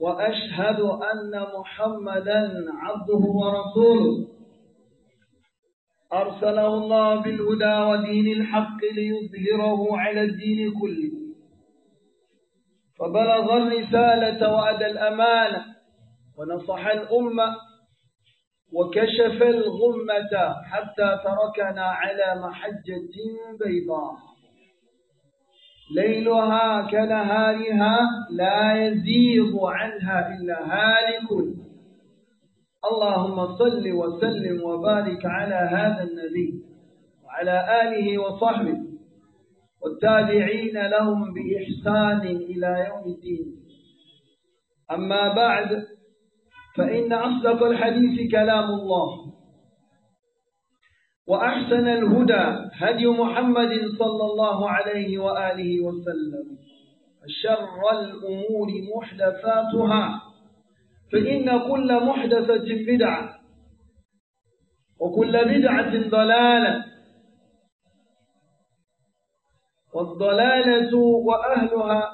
وأشهد أن محمدا عبده ورسوله أرسله الله بالهدى ودين الحق ليظهره على الدين كله فبلغ الرسالة وأدى الأمانة ونصح الأمة وكشف الغمة حتى تركنا على محجة بيضاء ليلها كنهارها لا يزيغ عنها إلا هالك اللهم صل وسلم وبارك على هذا النبي وعلى آله وصحبه والتابعين لهم بإحسان إلى يوم الدين أما بعد فإن أصدق الحديث كلام الله وأحسن الهدى هدي محمد صلى الله عليه وآله وسلم شر الأمور محدثاتها فإن كل محدثة بدعة وكل بدعة ضلالة والضلالة وأهلها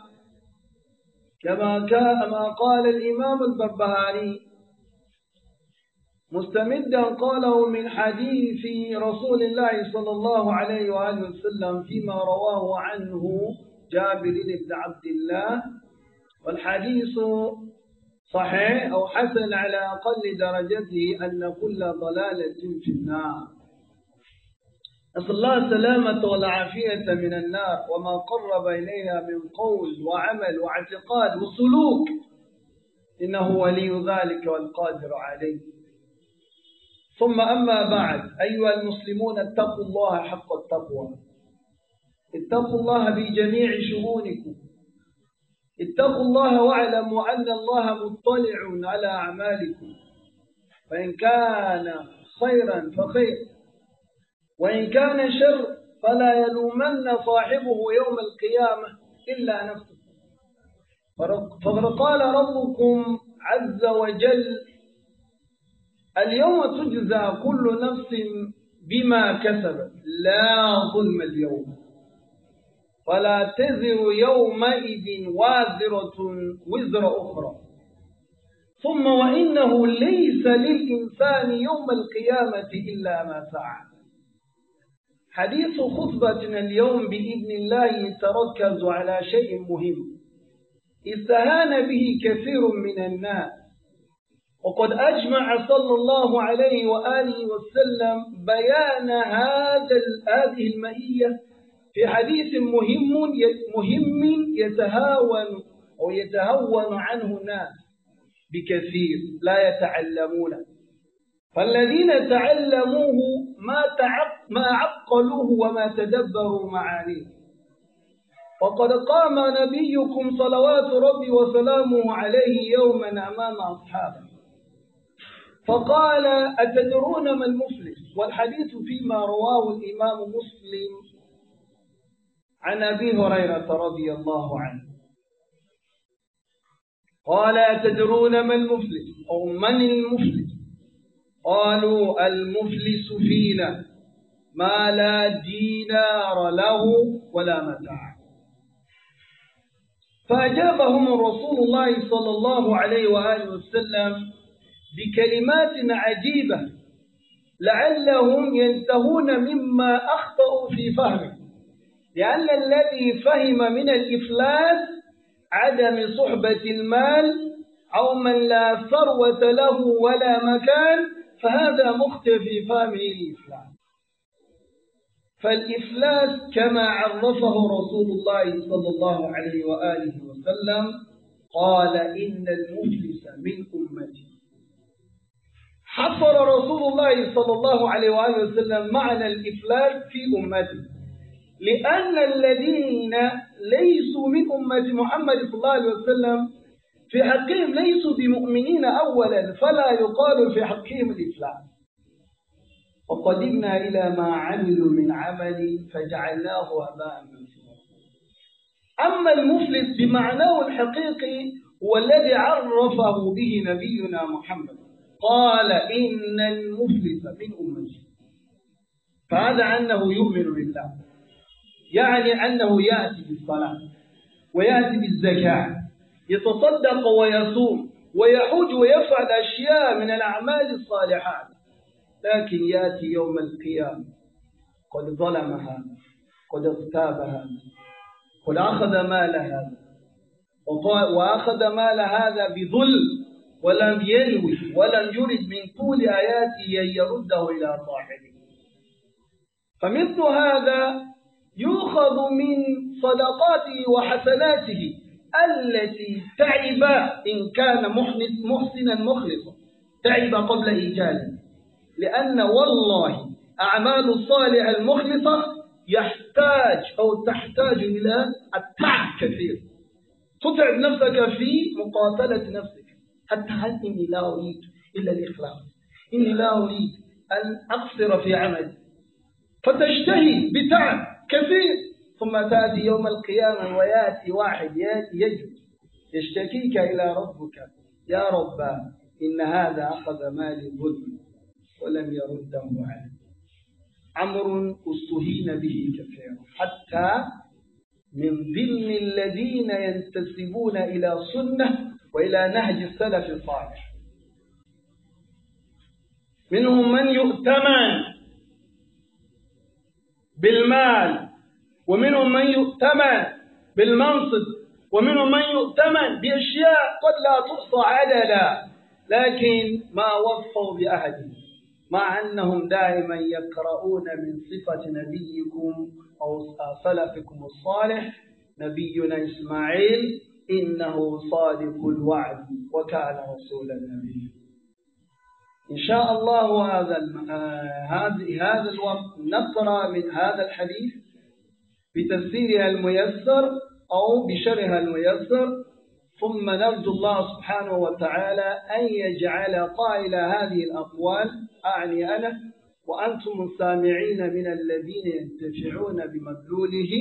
كما, كما قال الإمام البربهاري مستمدا قاله من حديث رسول الله صلى الله عليه وآله وسلم فيما رواه عنه جابر بن عبد الله والحديث صحيح أو حسن على أقل درجته أن كل ضلالة في النار نسأل الله السلامة والعافية من النار وما قرب إليها من قول وعمل واعتقاد وسلوك إنه ولي ذلك والقادر عليه ثم أما بعد أيها المسلمون اتقوا الله حق التقوى اتقوا الله بجميع شؤونكم اتقوا الله واعلموا أن الله مطلع على أعمالكم فإن كان خيرا فخير وإن كان شر فلا يلومن صاحبه يوم القيامة إلا نفسه فقد قال ربكم عز وجل اليوم تجزى كل نفس بما كسبت لا ظلم اليوم ولا تزر يومئذ وازرة وزر أخرى ثم وإنه ليس للإنسان يوم القيامة إلا ما سعى حديث خطبتنا اليوم بإذن الله يتركز على شيء مهم استهان به كثير من الناس وقد أجمع صلى الله عليه وآله وسلم بيان هذا هذه المئية في حديث مهم مهم يتهاون أو يتهون عنه الناس بكثير لا يتعلمونه فالذين تعلموه ما تعق ما عقلوه وما تدبروا معانيه وقد قام نبيكم صلوات ربي وسلامه عليه يوما أمام أصحابه فقال أتدرون ما المفلس والحديث فيما رواه الإمام مسلم عن أبي هريرة رضي الله عنه قال أتدرون ما المفلس أو من المفلس قالوا المفلس فينا ما لا دينار له ولا متاع فأجابهم رسول الله صلى الله عليه وآله وسلم بكلمات عجيبة لعلهم ينتهون مما أخطأوا في فهمه لأن الذي فهم من الإفلاس عدم صحبة المال أو من لا ثروة له ولا مكان فهذا مختفي فهمه الإفلاس فالإفلاس كما عرفه رسول الله صلى الله عليه وآله وسلم قال إن المفلس من أمتي حصل رسول الله صلى الله عليه وآله وسلم معنى الإفلاس في أمته لأن الذين ليسوا من أمة محمد صلى الله عليه وسلم في حقهم ليسوا بمؤمنين أولا فلا يقال في حقهم الإفلاس وقدمنا إلى ما عملوا من عمل فجعلناه هباء منثورا أما المفلس بمعناه الحقيقي هو الذي عرفه به نبينا محمد قال إن المفلس من أمتي فهذا أنه يؤمن بالله يعني أنه يأتي بالصلاة ويأتي بالزكاة يتصدق ويصوم ويحج ويفعل أشياء من الأعمال الصالحات لكن يأتي يوم القيامة قد ظلم هذا قد اغتاب هذا قد أخذ مال هذا وأخذ مال هذا بظلم ولم ينوي ولم يرد من طول آياته أن يرده إلى صاحبه فمثل هذا يؤخذ من صدقاته وحسناته التي تعب إن كان محسنا مخلصا تعب قبل إيجاده لأن والله أعمال الصالح المخلصة يحتاج أو تحتاج إلى التعب كثير تتعب نفسك في مقاتلة نفسك حتى هل إني لا أريد إلا الإخلاص إني لا أريد أن أقصر في عملي فتشتهي بتعب كثير ثم تأتي يوم القيامة ويأتي واحد يأتي يشتكيك إلى ربك يا رب إن هذا أخذ مالي ظلم ولم يرده علي أمر استهين به كثيرا حتى من ضمن الذين ينتسبون إلى سنة وإلى نهج السلف الصالح منهم من يؤتمن بالمال ومنهم من يؤتمن بالمنصب ومنهم من يؤتمن بأشياء قد لا تحصى عددا لكن ما وفوا بأحد مع أنهم دائما يقرؤون من صفة نبيكم أو سلفكم الصالح نبينا إسماعيل إنه صادق الوعد وكان رسولا النبي إن شاء الله هذا آه، هذه هذا الوقت نقرأ من هذا الحديث بتفسيرها الميسر أو بشرها الميسر ثم نرجو الله سبحانه وتعالى أن يجعل قائل هذه الأقوال أعني أنا وأنتم السامعين من الذين ينتفعون بمدلوله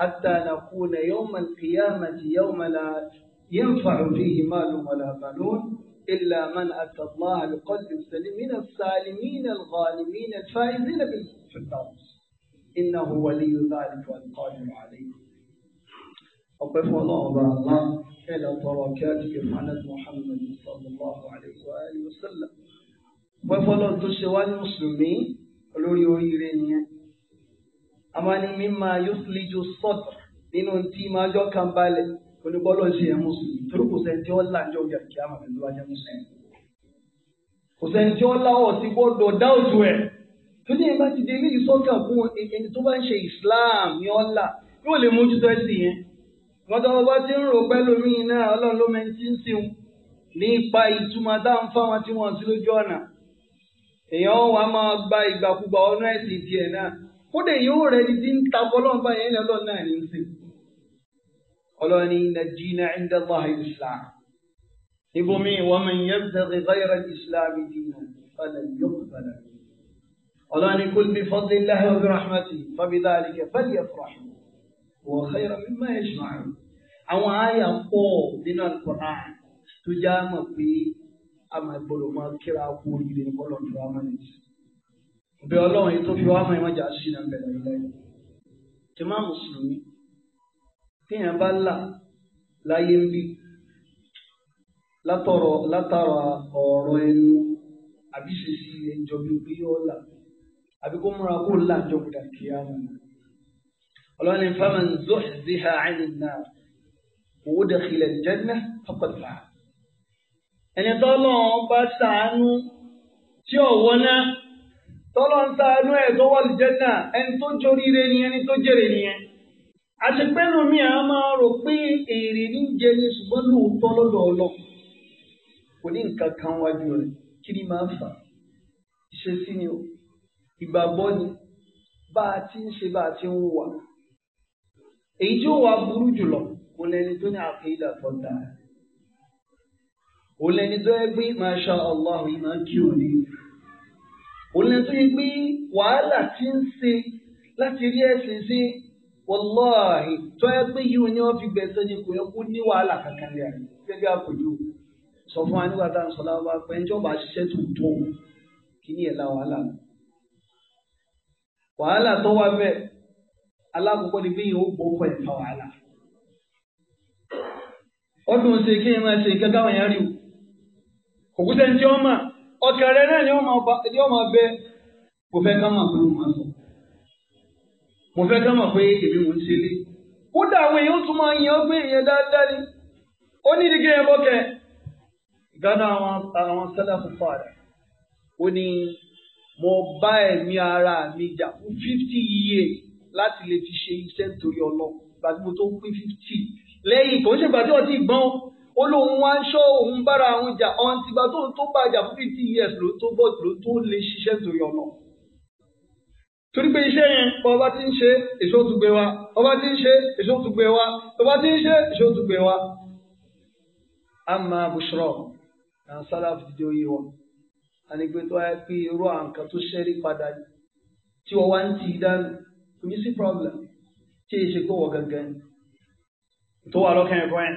حتى نكون يوم القيامة يوم لا ينفع فيه مال ولا بنون إلا من أتى الله بقلب سليم من السالمين الغانمين الفائزين في الدرس إنه ولي ذلك والقادر عليه أقف الله الله إلى بركاته محمد محمد صلى الله عليه وآله وسلم وفضل الله المسلمين olórí oríire àmọ́ ní mímọ yusliju sadr nínú tí máa jọ kan balẹ̀ onígbọ́dọ̀ ṣe ẹ̀ mùsùlùmí torí kò sẹ́ni tí ó là ń jọ ìyá kí á máa fi lọ́wọ́ jẹ́ mùsùlùmí. kò sẹ́ni tí ó láwọ̀ sí gbọ́dọ̀ dá òtù ẹ̀ tó ní ìgbà ti di ilé ìsọ́kàn fún ẹni tó bá ń ṣe Islam ní ọ̀la yóò lè mójútó ẹ̀sìn yẹn. wọ́n tọ́ ọba tí ń rò pẹ́lú mi náà ọlọ́run ló mẹ́ ti ń sìn nípa ìtumọ̀ dáhùn fáwọn tí wọ́n sí lójú ọ̀nà èèyàn wà máa gba ìgbàkúgbà ọ̀nà ẹ̀sìn tiẹ̀ náà kódà yóò rẹ ni tí ń ta bọ́lọ́n bá yẹn lọ́lọ́ náà ní í sè. ọlọ́ni nàìjíríà ń dẹ́gbà islam. ibomi wọn mi yẹ bẹ̀rẹ̀ gáyọ̀rọ̀ islam dìínà fẹlẹ̀ yóò fẹlẹ̀. ọlọ́ni kò bí fọ́tí láhẹ́ òbí rahmatì fọ́bí dáàlì kẹ fẹ́lẹ̀ yẹ fọ́ra wọ́n xeyra mi má yẹ sùn àrùn. àwọn àyà pọ̀ nínú alukur'an tó já mọ̀ pé àmà ìgbọ́dọ̀ máa kíra kú oríire bọ́lọ̀ tó wà mọ́ bí ọlọ́run yìí tó fi wá mọ̀ ẹ̀ mọ̀jà sí náà bẹ̀rẹ̀ láyé tí máa mùsùlùmí téèyàn bá là láyé ń bí látọ̀rọ̀ látara ọ̀rọ̀ ẹnu àbí ṣèṣì ẹjọ́ bí pé yóò là àbí kó múra kó là ń jọkùdà kí á mọ̀ ọlọ́run ní faman zuhziha 'anil nar wa udkhila al-jannah faqad fa'a ẹni tọ́lọ́run bá ṣàánú tí ọ̀wọ́ náà. tọ́lọ́ ń sàánú ẹ̀ tó wà lìjẹ́ náà ẹni tó jóríire ni ẹni tó jèrè nìyẹn. àṣepẹ́nu mi máa rò pé èrè ní jẹ ni ṣùgbọ́n lóòótọ́ kò ní nǹkan kan wájú rẹ̀ kí ni máa ń fà ìṣesí ni o ìgbàgbọ́ ni bá a ti ń ṣe bá a ti ń wà èyí tí ó wà burú jùlọ kò lẹni tó ní tó dáa kò lẹni tó ẹgbẹ́ ìmọ̀ òun lè tó pé wàhálà ti ń se láti rí ẹ̀sìn sí wọláhì tó yẹ pé yìí ni fi gbẹ̀sẹ̀ ni kò yẹ kó ní wàhálà kankan lẹ́yìn gẹ́gẹ́ àpèjú sọ fún wa nígbà tá à ń sọ pé ẹni tí ni wàhálà wàhálà tó wà bẹ́ẹ̀ alákọ̀ọ́kọ́ ni bí yìí ó wàhálà ọdún ṣe kí ẹ máa ṣe yẹn rí ọ̀kẹ́ rẹ náà ni ó máa bẹ kò fẹ́ ká mọ̀ pé mo máa sọ mo fẹ́ ká mọ̀ pé èmi mò ń ṣe lé kódà àwọn èèyàn tún máa yan pé èèyàn dáadáa ni ó ní ìdíkẹ́ yẹn bọ́kẹ́ gánà àwọn àwọn sẹ́lẹ̀ fúnfà rẹ̀ ó ní mo bá ẹ̀mí ara mi jà fún fifty years láti lè fi ṣe iṣẹ́ nítorí ọlọ́run gbàgbọ́ tó pín fifty lẹ́yìn kò ń ṣègbà tí wọ́n gbọ́n ó lóun wá ń ṣọ́ òun bára àwọn jà ọ̀n tìgbà tóun tó bá jà fún fifty years ló tó bọ̀ ló tó lè ṣiṣẹ́ torí ọ̀nà. torí pé iṣẹ́ yẹn ọba ti ń ṣe èso tún gbé wa ọba ti ń ṣe èso tún gbé wa ọba ti ń ṣe èso tún gbé wa. a máa bùṣọ̀rọ̀ àwọn sálàfù dídé oyè wọn ànígbé tó ayé pé irú àwọn kan tó ṣẹ́rí padà tí wọ́n wá ń tì í kò ní sí problem tí èyí ṣe kó wọ gangan tó wà lọ́kàn ẹ̀kọ́ yẹn.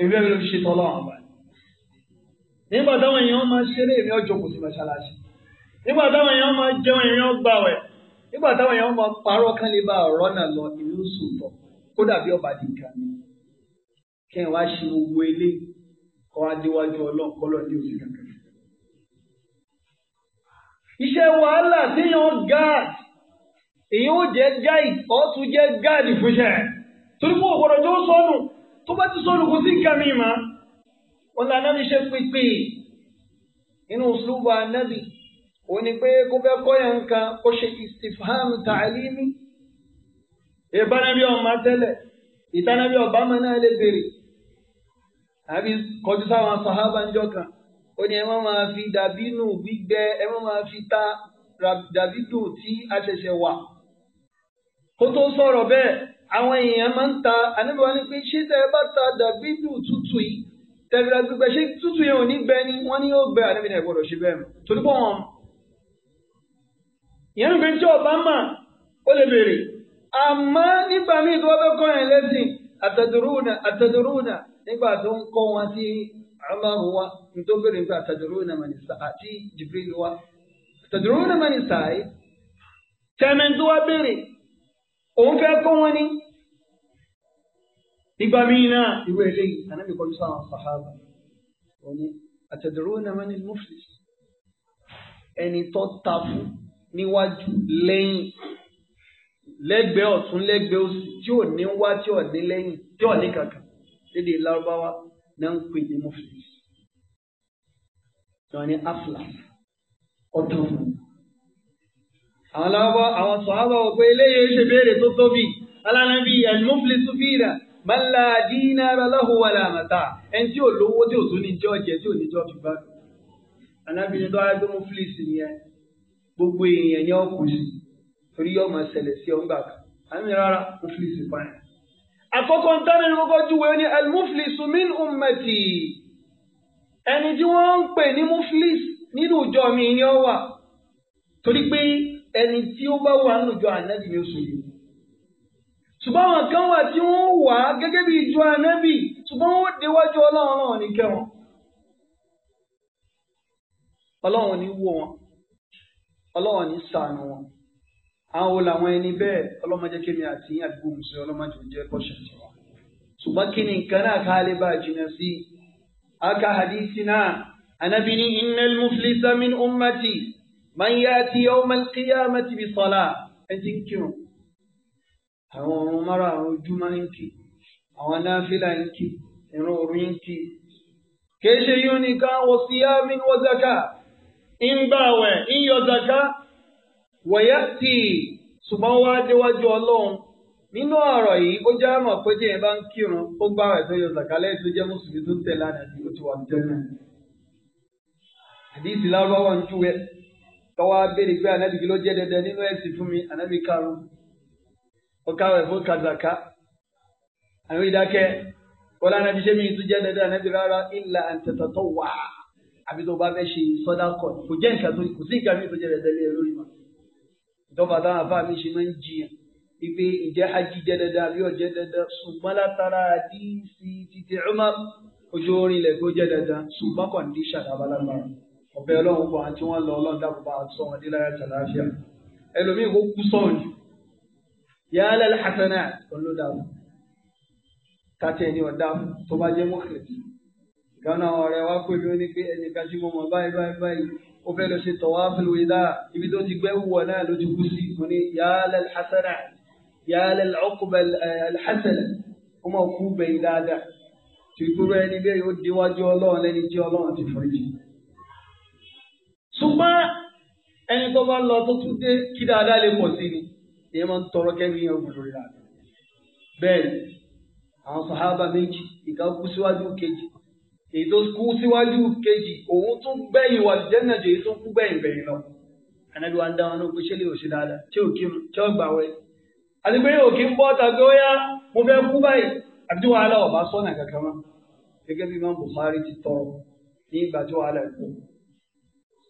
èmi ẹ̀ ló fi ṣe tọ́lọ́ àwọn ọba nígbà táwọn èèyàn máa ṣeré èmi ọjọ́ kò sí mọ́ṣáláṣí nígbà táwọn èèyàn máa jẹun èèyàn gbàwẹ̀ nígbà táwọn èèyàn máa parọ́ kán lè bá ọ̀rọ̀ náà lọ èmi ń sùn tọ̀ kó dàbí ọba dìkan mi kí n wá ṣe gbogbo eléyìí kọ́ adéwájú ọlọ́run kọ́ lọ́ọ́ ní òsì kankan. iṣẹ́ wàhálà téèyàn gáàdì èyí ó jẹ́ gáàdì ọ̀tún jẹ́ gáàdì fúnṣẹ́ torí pé ògbọ́dọ̀ tó sọnù tó bá ti sọ̀rọ̀ kò sí nǹkan mìíràn wọn là náà níṣẹ́ pínpín inú sùlùbà nábì ò ní pé kó fẹ́ kọ́ yẹn nǹkan kó ṣe istifham ta'alimi ìbánabi ọ̀ma tẹ́lẹ̀ ìtànàbí náà lè àbí kọjú sáwọn sàhábà ńjọ kan ó ní ẹ má fi dàbínù gbígbẹ ẹ má máa fi ta tí a ṣẹ̀ṣẹ̀ wà kó tó sọ̀rọ̀ bẹ́ẹ̀. àwọn èèyàn máa ń ta ànábì wa ní pé ṣé tẹ́ ẹ bá ta dàbídù tútù yìí tẹ̀gbẹ̀rẹ̀ gbígbẹ́ ṣé tútù yẹn ò ní gbẹ ni wọ́n ní yóò gbẹ ànábì náà gbọ́dọ̀ ṣe bẹ́ẹ̀ mọ́ torí pé wọ́n. ìyẹn nìkan tí ọba mà ó lè béèrè àmọ́ nígbà míì tó wọ́n fẹ́ kọ́ yẹn lẹ́sìn àtàdúrúnà àtàdúrúnà nígbà tó ń kọ́ wọn sí Umaru wa tó béèrè nípa àtàdúrúnà mànìsà àti Jibril wa àtàdúrúnà mànìsà yìí tẹ̀mẹ̀ntì òun fẹ́ kọ́ wọn ní. ìgbà míì náà ìwé eléyìí anábì kọjú sáwọn sàhábà wọn ni atadruna man al-muflis ẹni tó ta fún níwájú lẹ́yìn lẹ́gbẹ̀ẹ́ ọ̀tún lẹ́gbẹ̀ẹ́ òsì tí ò ní wá tí ò ní lẹ́yìn tí ò ní kankan lédè lárúbáwá náà ń pè ní muflis. wọn ni afla ọtọ fún mi àwọn lọ́wọ́ àwọn sọ̀hábà wò pé eléyìí ṣe béèrè tó tóbi alánàbí ẹ̀lmúfìlì sùfìrà mọ́lá dínà aláhùn wà láàmàtà ẹni tí ò lówó tí ò tún ní jọ́ jẹ́ tí ò ní jọ́ fi bá dùn. anábìnrin tó wáyé pé múfìlì sì yẹn gbogbo èèyàn yẹn kù sí torí yóò máa ṣẹlẹ̀ sí ọgbà kan àmì rárá múfìlì sì pa yẹn. àkọ́kọ́ ni kókó júwe ni ẹ̀lmúfìlì sùmín ummati ẹni tí wọ́n ń pè ní múfìlì nínú mi ni ó wà torí pé ẹni tí ó bá wà nínú ìjọ ànábì ni ó so yìí. ṣùgbọ́n àwọn kan wà tí wọ́n wà gẹ́gẹ́ bí ìjọ ànábì ṣùgbọ́n wọ́n déwájú ọlọ́run náà ní kẹwọn. ọlọ́run ní wò wọn ọlọ́run ní sànù wọn àwọn wo làwọn ẹni bẹ́ẹ̀ ọlọ́mọdé kémi àti àdúgbò mùsùlùmí ọlọ́mọdé jẹ́ kọ́ṣẹ́ tiwọn. ṣùgbọ́n kí ni nǹkan náà ká lè bá jìnnà sí i. aka hadisi anabini innal muflisa min ummati من yati يوم al-qiyamati bi salah ẹ ti ń kírun àwọn ọ̀run mara àwọn ojúmọ́ ń kí àwọn náfìlà ń kí ìrun òru ń kí kì í ṣe yóò nìkan wa siyamin wa zaka ń gbààwẹ̀ ń yọ zaka wa yati ṣùgbọ́n wá déwájú ọlọ́run nínú ọ̀rọ̀ yìí ó jẹ́ àmọ̀ pé jẹ́ ìbá ń kírun ó gbá ẹ̀ tó yọ zàkálẹ̀ tó jẹ́ mùsùlùmí tó ń tẹ̀lé àdàdì ó ti wà ní jẹ́nà. àdìsí lárúbáwá ń júwẹ́ tọ́wọ́ abéèrè pé ànábì kí ló jẹ́ dandan nínú ẹ̀sìn fún mi ànábì karùn ó káwọ́ ẹ̀fọ́ kàzàká àwọn ìdákẹ́ wọ́n lánàá bí sẹ́mi tún jẹ́ dandan ànábì rárá ìlà àǹtẹ̀tọ̀tọ̀ wà àbí tó bá fẹ́ ṣe sọ́dá kọ̀ kò jẹ́ nǹkan tó kò sí nǹkan mi tó jẹ́ dandan lé e lórí mọ́ ìjọba táwọn afá mi ṣe máa ń jiyàn ipe ìjẹ́ hajj jẹ́ dandan àbí ọ̀jẹ́ dandan ṣùgbọ́n látara àdìsí títí Umar ojú orin ilẹ̀ tó jẹ́ dandan ṣùgbọ́n kọ̀ǹdíṣà lábalábára ọ̀bẹ ọlọ́run gbọ́ àti wọ́n lọ ọlọ́run dákun bá sọ wọn nílẹ̀ ayé àtàláfíà ẹlòmíì kò kú sọ̀rọ̀ jù yálẹ̀ lẹ́hàtánà ló dàrú kátẹ́ ẹni ọ̀dà tó bá jẹ́ mọ́kìlẹ̀tì gánà ọ̀rẹ́ wa pè mí ó ní pé ẹnì kan tí mo mọ̀ báyìí báyìí báyìí ó fẹ́ lọ ṣe tọ̀wá fúlù ìdá ibi tó ti gbẹ́ wọ̀ náà ló ti kú sí mo ní yálẹ̀ lẹ́hàtánà yálẹ̀ lọ́kùbẹ̀ lẹ́hàtánà ó mọ̀ kú bẹ̀yìn ṣùgbọ́n ẹni tó bá lọ tó tún dé kí dáadáa lè pọ̀ sí ni ìyẹn máa ń tọrọ kẹ́mi yẹn ògùn lórí rà bẹ́ẹ̀ ni àwọn sàhábà méjì ìkan kú síwájú kejì èyí tó kú síwájú kejì òun tún gbẹ̀yìn wà jẹ́nà jẹ́ èyí tó kú gbẹ̀yìn bẹ̀yìn lọ ànábi wa ń dá wọn ní ogun ṣẹlẹ̀ òṣì dáadáa tí ò kí mu tí ó gbà wẹ̀ àti pé yóò kí ń bọ́ tàbí ó yá mo fẹ́ kú báyìí àbí wàhálà ọ̀bá sọ́nà kankan mọ́ gẹ́gẹ́ bí Imam Bukhari ti tọ́ ní ìgbà tí wàhálà ẹ̀kọ́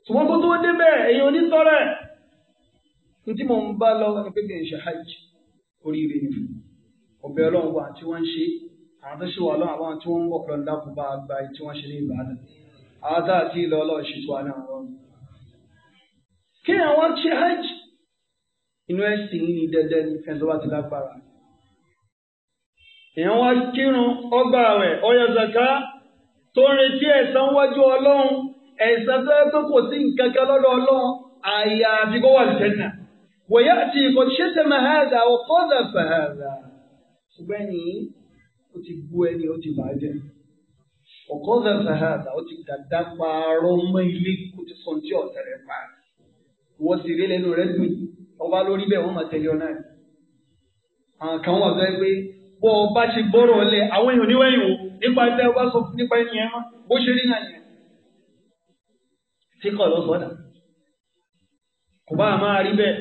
Wọn kó tó débẹ̀ èyí onítọ́rẹ̀ ní mò ń bá lọ ní pé kì ṣe ni ọbẹ̀ ọlọ́run wa tí wọ́n ń ṣe àwọn wà àwọn tí wọ́n ń wọ̀ bá gba tí wọ́n ṣe ní ìbàdàn àwọn àti ìlọ ọlọ́run ṣètò àná àwọn. kí àwọn ṣe hajj inú ẹ̀sìn ní dandan ní bá ti lágbára. èèyàn wá kírun ẹ̀sán tó yẹ pé kò sí nǹkan kan lọ́dọ̀ ọlọ́run àyàfi kó wà lùjẹ́nà wòye àti ìkọ̀ ṣẹ́tẹ̀mà hàdà ọ̀kọ́dà fàhàdà ṣùgbọ́n ẹni ó ti gbó ẹni ó ti bàjẹ́ ọ̀kọ́dà fàhàdà ó ti dàda paarọ́ mọ́ ilé kó ti sọ tí ọ̀tẹ̀ rẹ̀ pa wọ́n sì rí lẹ́nu rẹ̀ dùn ọba lórí bẹ́ẹ̀ wọ́n máa tẹ̀lé ọ náà àwọn kan wà fẹ́ pé bọ́ ọ bá gbọ́rọ̀ lẹ̀ àwọn èèyàn níwẹ̀yìn o nípa ẹgbẹ́ tí kò lọ sọ́dà kò bá máa rí bẹ́ẹ̀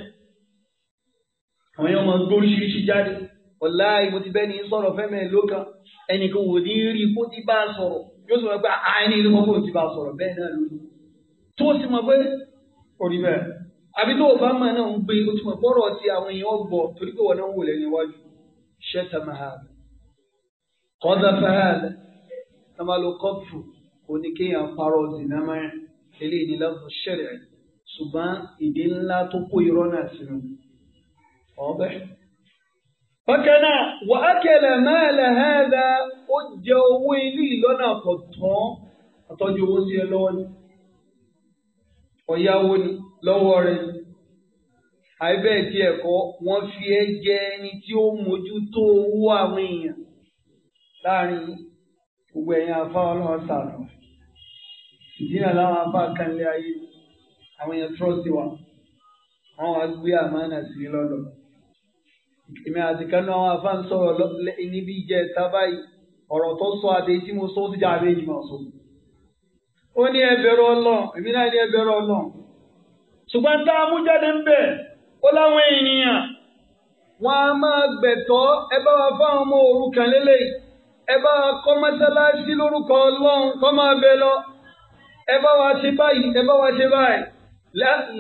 àwọn èèyàn máa gbóríṣiríṣi jáde ọ̀la ìbò ti bẹ́ẹ̀ ní sọ̀rọ̀ fẹ́mẹ̀ ló kan ẹnìkan wò ní rí kó ti bá a sọ̀rọ̀ yóò sọ pé àìní ìlú kan kò ti bá a sọ̀rọ̀ bẹ́ẹ̀ náà ló tó o sì mọ̀ pé kò rí bẹ́ẹ̀ àbí tó o bá máa náà ń gbé o ti mọ̀ bọ́rọ̀ ti àwọn èèyàn gbọ́ torí pé wọn náà ń wò lẹ́nu iwájú eléyìí ni lọ́fù ṣẹ̀rẹ̀ ṣùgbọ́n ìdí ńlá tó kó irọ́ náà sínú ọbẹ̀. bákan náà wà á kẹlẹ̀ máa lẹ̀ hẹ́ẹ̀dá ó jẹ owó ilé ìlọ́nà àkọ́tán àtọ́jú owó sí ẹ lọ́wọ́ ni ọ̀yáwó ni lọ́wọ́ rẹ̀ ni àìbẹ́ẹ̀ ẹ̀kọ́ wọ́n fi ẹ́ jẹ ẹni tí ó mójútó owó àwọn èèyàn láàrin gbogbo ẹ̀yìn afá ọlọ́run sàlùmọ́ ìdí náà láwọn afá kanlé ayé àwọn èèyàn trọ́ọ̀sì wa àwọn wa gbé àmánà sí lọ́dọ̀ èmi àti kanú àwọn afá ń sọ̀rọ̀ níbi ìjẹ́ ẹ̀ta báyìí ọ̀rọ̀ tó sọ adé tí mo sọ ó ti dá abẹ́ yìí mọ̀ sọ. ó ní ẹbẹ̀rẹ̀ ọlọ́run èmi náà ní ẹbẹ̀rẹ̀ ọlọ́run ṣùgbọ́n tá a mú jáde ń bẹ̀ ó láwọn ènìyàn wọn a máa gbẹ̀tọ́ ẹ bá wa fáwọn ọmọ òrukàn lélẹ̀ ẹ bá wa kọ́ mọ́sálásí ẹ bá wa ṣe báyìí ẹ bá wa ṣe báyìí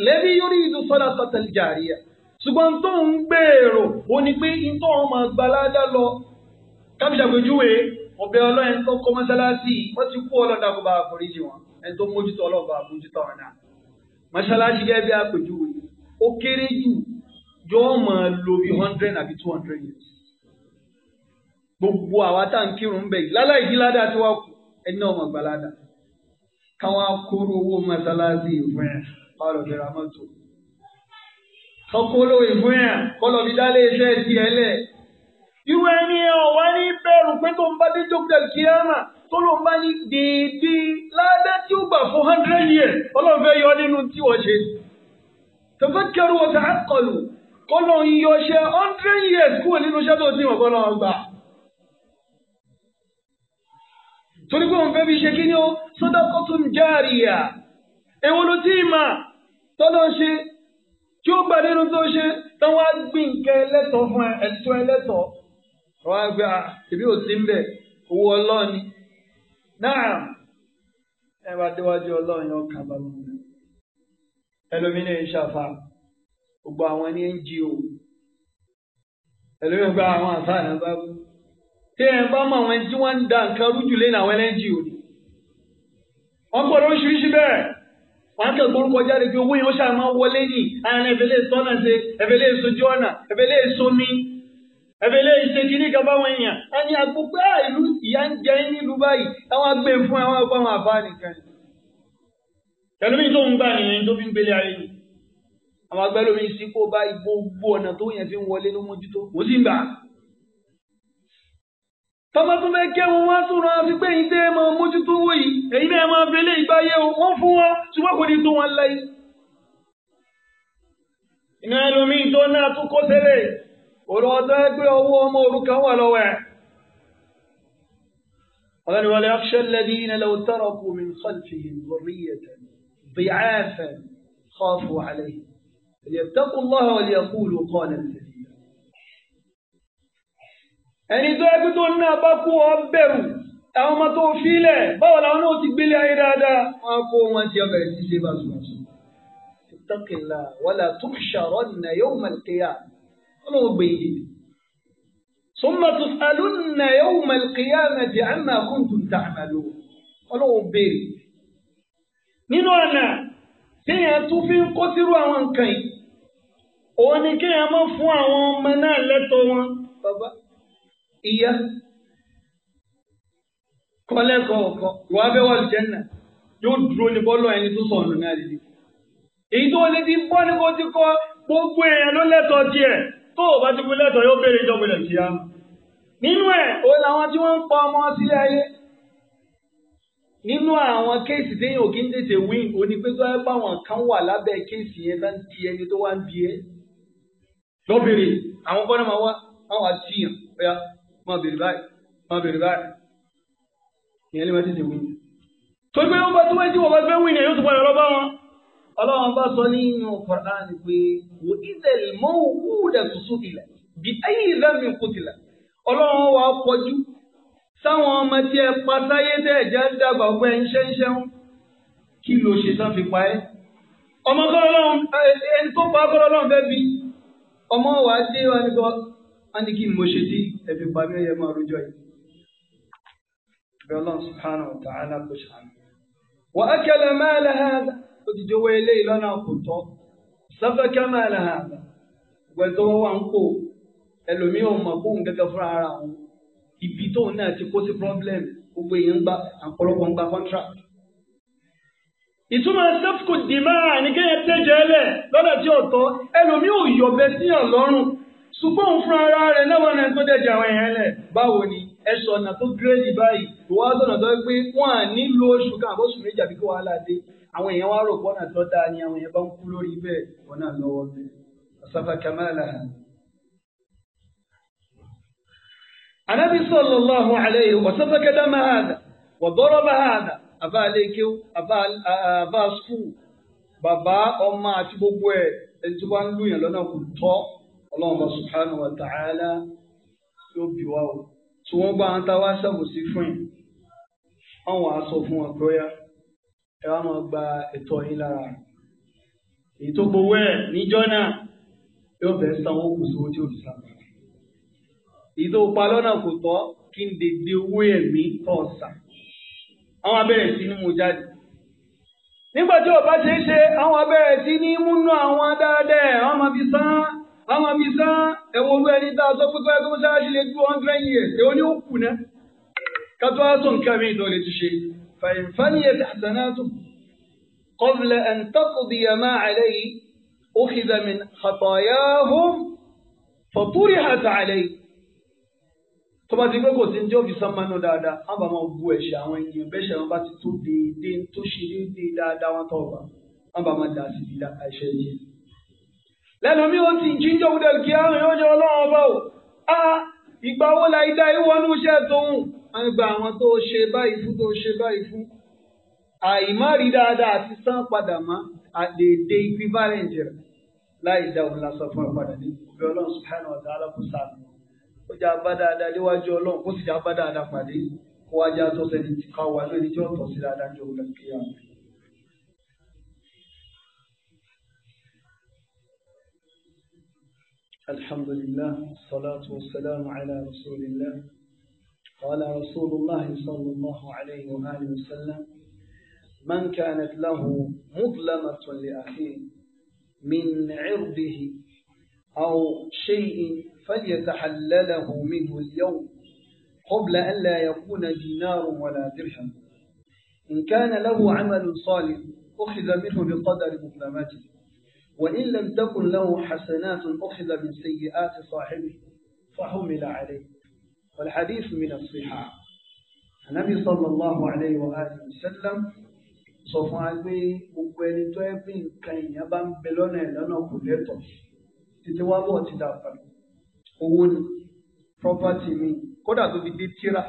lẹ́bí yóò rí ìdú sọ́dà sọ́tẹ̀ jàríyà ṣùgbọ́n tó ń gbèrò ó ní pé ìtọ́ ọmọ àgbàládá lọ kábíjàgbéjúwe ọbẹ̀ ọlọ́yẹn tó kọ́ mọ́ṣáláṣí wọ́n ti kú ọlọ́dà kó bá a foríjì wọn ẹni tó mójútó ọlọ́ba mójútó ọ̀nà mọ́ṣáláṣí gẹ́gẹ́ bí àpèjúwe ó kéré jù yóò máa lo bí hundred àbí two hundred years gbogbo àwa tá à ń kírun bẹ́ẹ̀ láláì díládà tí káwọn akóró owó mọ́sálásí ìfún yẹn báwo lọ́ọ́ fi ra mọ́tò. kọ́kọ́lọ́ ìfún yẹn kọ́lọ́ fi dálé iṣẹ́ ti ẹ̀ lẹ̀. irú ẹni ọ̀wá ní bẹ̀rù pé tó ń bá dé jókòó kíámà tó ló ń bá ní déédéé ládá tí ó gbà fún hundred years ọlọ́run fẹ́ yọ nínú tí wọ́n ṣe. tafakkaru wa ta'aqqalu kọ́lọ́ ń yọ ṣe hundred years kúrò nínú iṣẹ́ tó ti wọ̀ kọ́lọ́ gbà. torí pé òun fẹ́ fi ṣe kíni o sadaqatun jariya èwo ló tí ì mà tọ́lọ́ ṣe tí ó gbà nínú tó ṣe táwọn á gbìn nǹkan ẹlẹ́tọ̀ọ́ fún ẹ̀tọ́ ẹlẹ́tọ̀ọ́ wọ́n á gbé àbí ò sí ń bẹ̀ owó ọlọ́ọ̀ni náà ẹ bá déwájú ọlọ́run yẹn ọkà bá mi rẹ ẹlòmínú yẹn ṣàfà gbogbo àwọn ní ngo ẹlòmínú gba àwọn àṣà àná bá wù téèyàn bá mọ àwọn ẹni tí wọ́n ń da nǹkan rújù lé ní àwọn ẹlẹ́njì òní. wọ́n pọ̀ lóríṣiríṣi bẹ́ẹ̀ wọ́n á kẹ́ gbórúkọ jáde pé owó yẹn ó ṣàmọ́ wọlé ní àárín ẹ̀fẹ̀lẹ́ sọ́nà ṣe ẹ̀fẹ̀lẹ́ sojú ọ̀nà ẹ̀fẹ̀lẹ́ somi ẹ̀fẹ̀lẹ́ ìṣèjì ní ìjọba àwọn èèyàn á ní agbópẹ́ ìlú ìyá ń jẹ nílùú báyìí àwọn agbè fún àwọn ọgbà àwọn àbá nìkan. ẹlòmí tó ń gbà nìyẹn tó fi ń gbélé ayé ni àwọn agbẹ́lómi sí kó bá gbogbo ọ̀nà tó yẹn fi ń wọlé ló mójútó kò sí gbà. tọ́mọ tó fẹ́ kẹ́hún wá sọ̀rọ̀ àfi pé yín tẹ́ ẹ máa mójútó wò yìí èyí náà máa fi eléyìí bá yẹ o wọ́n fún wọn ṣùgbọ́n kò ní tó wọn láyé. iná ẹlòmíín tó náà tún kó tẹ́lẹ̀ ọ̀rọ̀ ọ̀dọ́ ẹgbẹ́ ọwọ́ ọmọ òrukàn wà lọ́wọ́ ẹ̀. ọ̀gá ni wọ́n lè ṣe lẹ́dí iná lọ́wọ́ tọ́rọ̀ ina lowo mí khalfihim ẹni tó ẹgbẹ́ tó náà bá kú ọ bẹ̀rù àwọn ọmọ tó filẹ̀ báwo làwọn náà ti gbélé ayé dáadáa wọn kó wọn ti ọbẹ̀ sí ṣe bá sùn sùn. ìtọ́kìlá tó ṣàrọ̀ nà yóò mẹ̀lẹ́kẹ́yà wọn ò gbé yìí. sọ́mà tó sàlùn nà yóò mẹ̀lẹ́kẹ́yà nà jẹ́ àmà kún tún tà àmà lò wọn ò béèrè. nínú ọ̀nà téèyàn tún fi ń kó sírú àwọn nǹkan yìí òun ni kéèyàn máa fún àwọn ọmọ náà lẹ́tọ̀ọ́ wọn. bàbá ìyá kọ́lẹ́kọ̀ọ́ kan ìwà bẹ́ẹ̀ wà lùjẹ́nà yóò dúró ní bọ́lọ̀ ẹni tó sọ̀rọ̀ náà lè dìbò. èyí tó lè ti bọ́ ní kó ti kọ́ gbogbo èèyàn ló lẹ́tọ̀ọ́ tiẹ̀ tó o bá ti kú lẹ́tọ̀ọ́ yóò béèrè ìjọba ilẹ̀ kíá. nínú ẹ̀ o làwọn tí wọ́n ń pa ọmọ sílẹ̀ ayé. nínú àwọn kéèsì téèyàn ò kí ń tètè wíìn o ní pé tó ẹ bá wọn kan wà lábẹ́ kéèsì yẹn bá ń di ẹni tó wá ń bi ẹ́. lọ́bìnrin àwọn kọ́nà máa wá àwọn àti wọn bèrè báyìí wọn bèrè báyìí ìyẹn lè má tètè wí ni. tó gbé wọn bá tó wáyé tí wọn bá gbé wí ni yóò tún padà lọ bá wọn. ọlọ́run bá sọ nínú Qur'an pé wò ilẹ̀ mọ́wúdà tuntun ilẹ̀ bí ayé ìlànà ìkùtìlà ọlọ́run wà á pọ̀jù sáwọn ọmọ tí ẹ pa sáyé tẹ́ ẹ̀ jẹ́ dàgbà ọgbẹ́ ńṣẹ́ńṣẹ́ kí ló ṣe tán fi pa ẹ́ ọmọ kọ́lọ́lọ́run ẹni tó pa kọ́lọ́lọ́run fẹ́ bí ọmọ wà á dé wọn ni kí n mo ṣe dé ẹbí pa mí ẹyẹ máa rojọ́ yìí bí ọlọ́run subhanahu wa ta'ala kò sàánú. wà á kẹlẹ̀ máa lẹ̀ ha ó ti jọ̀wọ́ eléyìí lọ́nà kò tọ́ sáfẹ́kẹ́ máa lẹ̀ ha gbẹ̀tọ́ wà ń kó ẹlòmíì ò mọ̀ kóhùn gẹ́gẹ́ fúnra ara wọn ibi tóun náà ti kó sí problem gbogbo èèyàn gba àpọ̀lọpọ̀ ń gba contract. ìtumọ̀ sẹ́fù kò ní kéèyàn tẹ́jọ́ ẹlẹ̀ lọ́dọ̀ tí ò ẹlòmíì ò yọ̀bẹ síyàn lọ́rùn ṣùgbọ́n fún ara rẹ̀ náwà náà tó dẹ̀jà àwọn èèyàn lẹ̀ báwo ni ẹ sọ ọ̀nà tó gírèdì báyìí ìwà sọ̀nà tó pé wọ́n à nílò oṣù kan àbóṣù méjì àbí kí wọ́n àwọn èèyàn wá rò tó dáa ni àwọn èèyàn bá ń kú lórí bẹ́ẹ̀ náà lọ́wọ́ bẹ́ẹ̀ kamala. baba ọlọ́run bá subhanahu wa ta'ala yóò bí wa o tí wọ́n gbá àwọn táwa ṣàbòsí fún yìí wọ́n wàá sọ fún wọn pé ó yá ẹ wá máa gba ẹ̀tọ́ yín lára èyí tó gbowó ẹ̀ níjọ́ náà yóò fẹ́ sanwó kù sówó tí ó èyí tó pa lọ́nà kò tọ́ kí n dèdè owó ẹ̀mí tọ̀ sàn. àwọn abẹ́rẹ́ sí ni mo jáde nígbà tí ọba ṣe é ṣe àwọn abẹ́rẹ́ sí ní múnú àwọn dáadáa ẹ̀ wọ́n máa fi sán àwọn mi sá ẹ̀wọ̀n olú ẹni tá a sọ pé kọ́yẹ́ kó mọ́ṣáláṣí lè two hundred years èwo ni ó kù ná kátó á sọ nǹkan mi ìtọ́ lè ti ṣe fàyìnfàníyẹ tàṣánátù qabla an taqdiya ma alayhi ukhidha min khatayahum faturihat alayhi tó bá ti pé kò sí ní ọ́fíì sánmánú dáadáa á bá máa bu ẹ̀ṣẹ̀ àwọn ènìyàn bẹ́ṣẹ̀ wọn bá ti tó déédéé tó ṣe déédéé dáadáa wọn tọ̀ wá á bá máa dà sí ẹ̀ṣẹ̀ yìí lẹ́nu mi ó ti jíjọ́ òde kí á rìn ọjọ́ ọlọ́run ọba o a ìgbà wo la ìdá ìwọ́nú iṣẹ́ tóun wọ́n gba àwọn tó ṣe báyìí fún tó ṣe báyìí fún àìmárì dáadáa àti sán padà mọ́ àdèdè equivalent rẹ̀ láì dá òun lásán fún ìpadà ní òfin ọlọ́run subhanahu wa ta'ala kò sáà ó jà bá dáadáa déwájú ọlọ́run kó sì jà bá dáadáa pàdé kó wájà tó sẹ́ni ká wà lórí tí ó sí dáadáa ní òun lẹ́kẹ́yà rẹ̀. الحمد لله والصلاة والسلام على رسول الله قال رسول الله صلى الله عليه وآله وسلم من كانت له مظلمة لأخيه من عرضه أو شيء فليتحلله منه اليوم قبل أن لا يكون دينار ولا درهم إن كان له عمل صالح أخذ منه بقدر مظلمته وإن لم تكن له حسنات أخذ من سيئات صاحبه فحمل عليه والحديث من الصحة النبي صلى الله عليه وآله وسلم sọ fún wa pé gbogbo ẹni tó ẹ bí nǹkan èèyàn bá ń bẹ lọ́nà ẹ̀ lọ́nà kò lẹ́tọ̀ títí wá bọ̀ ti dàgbà owó ni property mi kódà tó fi dé tíra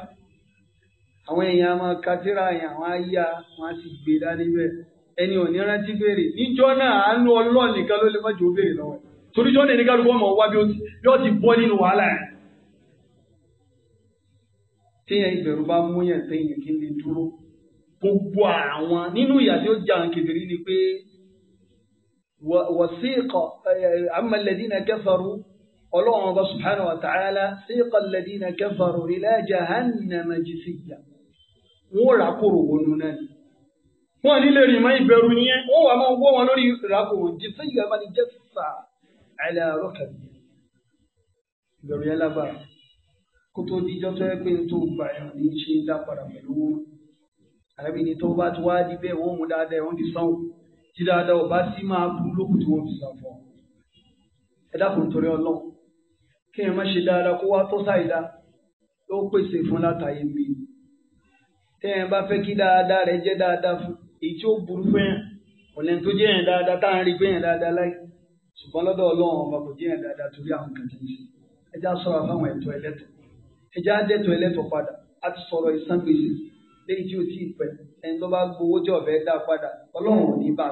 àwọn èèyàn máa ka tíra yẹn àwọn á yá wọn á sì gbé dání bẹ́ẹ̀ ẹni ò ní rántí béèrè níjọ́ náà àánú ọlọ́ọ̀ nìkan ló lè má jò ó béèrè lọ́wọ́ ẹ̀ torí jọ́ọ̀nì ní kálukú ọmọ wá bí ó ti bọ́ nínú wàhálà ẹ̀. téèyàn ìbẹ̀rù bá mú yàn téèyàn kí n lè dúró gbogbo àwọn nínú ìyà tí ó jà ń kedere ni pé wasiqa amma alladhina kafaru ọlọ́run ọba subhanahu wa ta'ala siqa alladhina kafaru ila jahannama jisiya wọ́n rà kúrò wọnú náà wọn nílé rìn máa ń bẹ̀rù yẹn ó wà máa ń wọ́ wọn lórí ìràpò òjì sẹ́yìn àmà ní jẹ́ sà àìlẹ́ àárọ̀ kàbí ìbẹ̀rù yẹn lágbára kó tó di ijọ́ tó yẹ pé tó gbà yàn ní í ṣe dá padà pẹ̀lú wọn àrẹ́bí ni tó bá ti wá di bẹ́ẹ̀ wọ́n mú dáadáa ẹ̀ wọ́n ti sanwó tí dáadáa ò sí máa bú lókùn tí wọ́n fi sàn fún ọ ẹ dákun torí ọlọ́run kí ẹ má ṣe dáadáa kó wá tó sáìdá ó pèsè fún látàyè mi tẹ́ ẹ bá fẹ́ kí dáadáa rẹ jẹ́ dáadáa fún èyí tí ó burú fún yàn ọ̀lẹ́ tó jẹ́ yàn dáadáa tá à ń rí pé yàn dáadáa láì ṣùgbọ́n lọ́dọ̀ ọlọ́run ọba kò jẹ́ yàn dáadáa torí àwọn kan kìí ṣe ẹja sọ̀rọ̀ fáwọn ẹ̀tọ́ ẹlẹ́tọ̀ ẹja dẹ́tọ̀ ẹlẹ́tọ̀ padà á ti sọ̀rọ̀ ìsángbèsè léyìí tí ò tí ì ẹni tó bá gbowó tí ọ̀fẹ́ dá padà ọlọ́run ò ní bá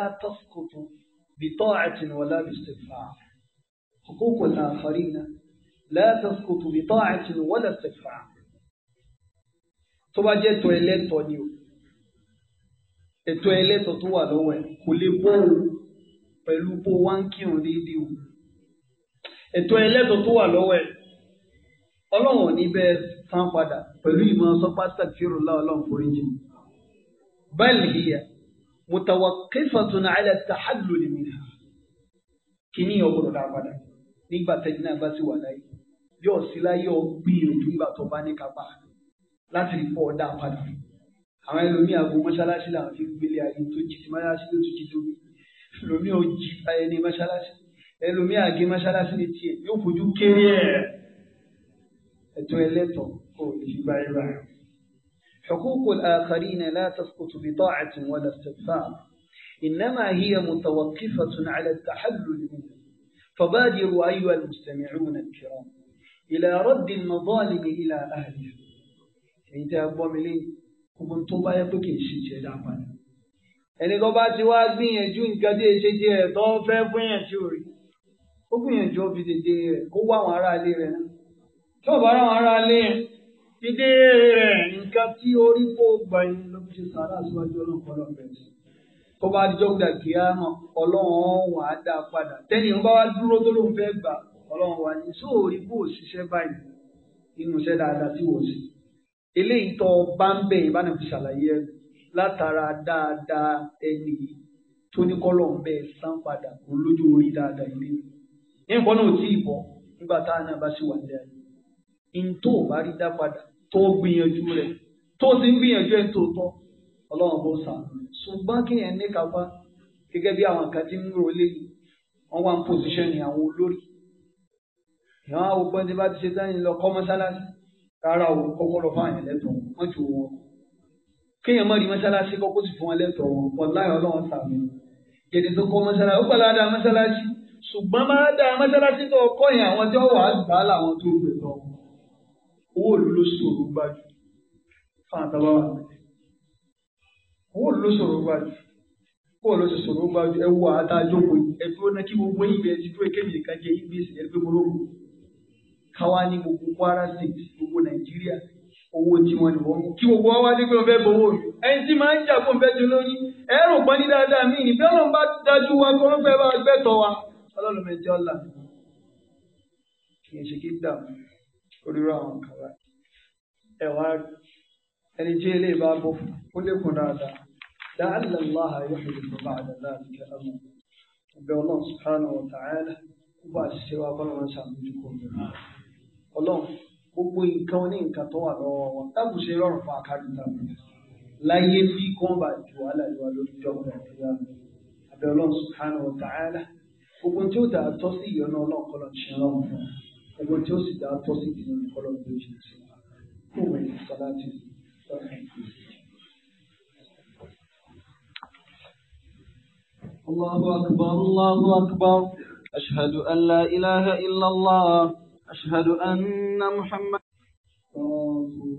a sá بطاعة ولا باستدفاع حقوق الآخرين لا تسقط بطاعة ولا استدفاع tó bá jẹ́ ẹ̀tọ́ ẹlẹ́tọ́ ni o ẹ̀tọ́ ẹlẹ́tọ́ tó wà lọ́wọ́ ẹ̀ kò lè bọ́ o pẹ̀lú bó wá ń kírun déédéé o ẹ̀tọ́ ẹlẹ́tọ́ tó wà lọ́wọ́ ẹ̀ ọlọ́wọ̀n ní san padà pẹ̀lú ìmọ̀ sọ́pásítà kírun láwọn ọlọ́run foríjì bẹ́ẹ̀ lè yíyà متوقفة على tahallul منها. kìíní ọgbọdọ dá padà nígbà tẹni náà bá sì wà láyé yóò sí láyé ọ gbìyànjú nígbà tó bá ní kápá láti rí pọ dá padà àwọn ẹlòmíì àgbo mọ́ṣáláṣí làwọn fi gbélé ayé tó jí ti mọ́ṣáláṣí ló tún jí lómi ẹlòmíì ò jí ayé ní mọ́ṣáláṣí ẹlòmíì àgé mọ́ṣáláṣí ní tiẹ̀ yóò fojú kéré ẹ̀ ẹ̀tọ́ ẹlẹ́tọ̀ kò ní fi báyìí báyìí. حقوق الآخرين لا تسقط بطاعة ولا استغفار إنما هي متوقفة على التحلل منه فبادروا أيها المستمعون الكرام إلى رد المظالم إلى أهلها أنت أبو ملين كمن طبا يبكي الشيء جابان أنا قبات وادمي يجون قدي شيء طوفة بني شوري أبو ينجو بدي قوة وعرالي بنا طوفة وعرالي Ilé rẹ̀ nǹkan tí orí kó gbà yín ló fi ṣe sàrà síwájú ọlọ́run kọ́ lọ́run bẹ̀rẹ̀. Tó bá dijọ́ gbà kí á mọ̀ ọlọ́run wà á dá a padà. Tẹ́lẹ̀ ń bá wá dúró tó lóun fẹ́ gbà ọlọ́run wà ní sóòrí bó ṣiṣẹ́ báyìí nínú iṣẹ́ dáadáa tí wọ́n ṣe. Eléyìí tọ́ bá ń bẹ̀yìn bá nàbí ṣàlàyé ẹ̀ látara dáadáa ẹni tó ní kọ́ lọ́run bẹ́ẹ̀ sán padà olójú orí dáadáa ilé. Nǹkan náà ò bá rí dá padà tó gbìyànjú rẹ̀ tó ti ń gbìyànjú ẹ̀ tó tọ́ ọlọ́run bó sàn ṣùgbọ́n kéèyàn ní kápá gẹ́gẹ́ bí àwọn kan ti ń rò léyìn wọ́n wá ń pòsíṣẹ́nì àwọn olórí ìyá àwọn ọgbọ́n tí bá ti ṣe sáyìn lọ kọ́ mọ́sálásí rárá o kọ́kọ́ lọ fáwọn ẹ̀lẹ́tọ̀ wọ́n ju wọn kéèyàn mọ̀ rí mọ́sálásí kọ́kọ́ sì fún wọn lẹ́tọ̀ wọn wọn láyọ̀ ọlọ́run sàmì gèdè tó kọ́ mọ́sálásí ó pẹ̀lú àdá mọ́sálásí ṣùgbọ́n má dá mọ́sálásí tó kọ́ yẹn àwọn tí wọ́n wà á gbà á làwọn tó gbẹ̀tọ̀ wọn owó ìlú ló ṣòro gbájú fún àtàwọn àwọn àgbẹ̀ owó ìlú ló ṣòro gbájú owó ìlú ló ṣòro gbájú ẹ wo àtàjọ kò ẹbí ó ná kí gbogbo ibẹ̀ ti dúró kémi nìkan jẹ ibi ìsìn ẹgbẹ́ mọ́lọ́kù káwá ní gbogbo Kwara state gbogbo Nàìjíríà owó tí wọ́n ní wọ́n kí gbogbo wa wálé pé wọ́n fẹ́ bọ̀wọ́ mi ẹni tí máa ń jà fún ìfẹ́ tó lóyún ẹ̀rù pọ́n ní dáadáa mí ní bí Ọlọ́run bá dájú wa onírú àwọn nǹkan báyìí ẹ wá ẹni tí ilé bá bọ ó lékun dáadáa láàlá láha yóò fi lè bá àdàlá àti àmọ ọbẹ Ọlọ́run subhanahu wa ta'ala kó bá ṣiṣẹ wa kọ́ lọ́wọ́ sàmójú kò mí Ọlọ́run gbogbo nǹkan ní nǹkan tó wà lọ́wọ́ wọn dábùú ṣe rọrùn fún akáàdùn tàbí láyé bí kò bá ju wàhálà ìwà lórí ìjọba ìjọba àbẹ Ọlọ́run subhanahu wa ta'ala gbogbo tí ó dà tọ́ sí ìyọnu Ọlọ́run ṣe rọrùn fún un. وجوز the opposite in collaboration who made salat is الله أكبر الله أكبر أشهد أن لا إله إلا الله أشهد أن محمد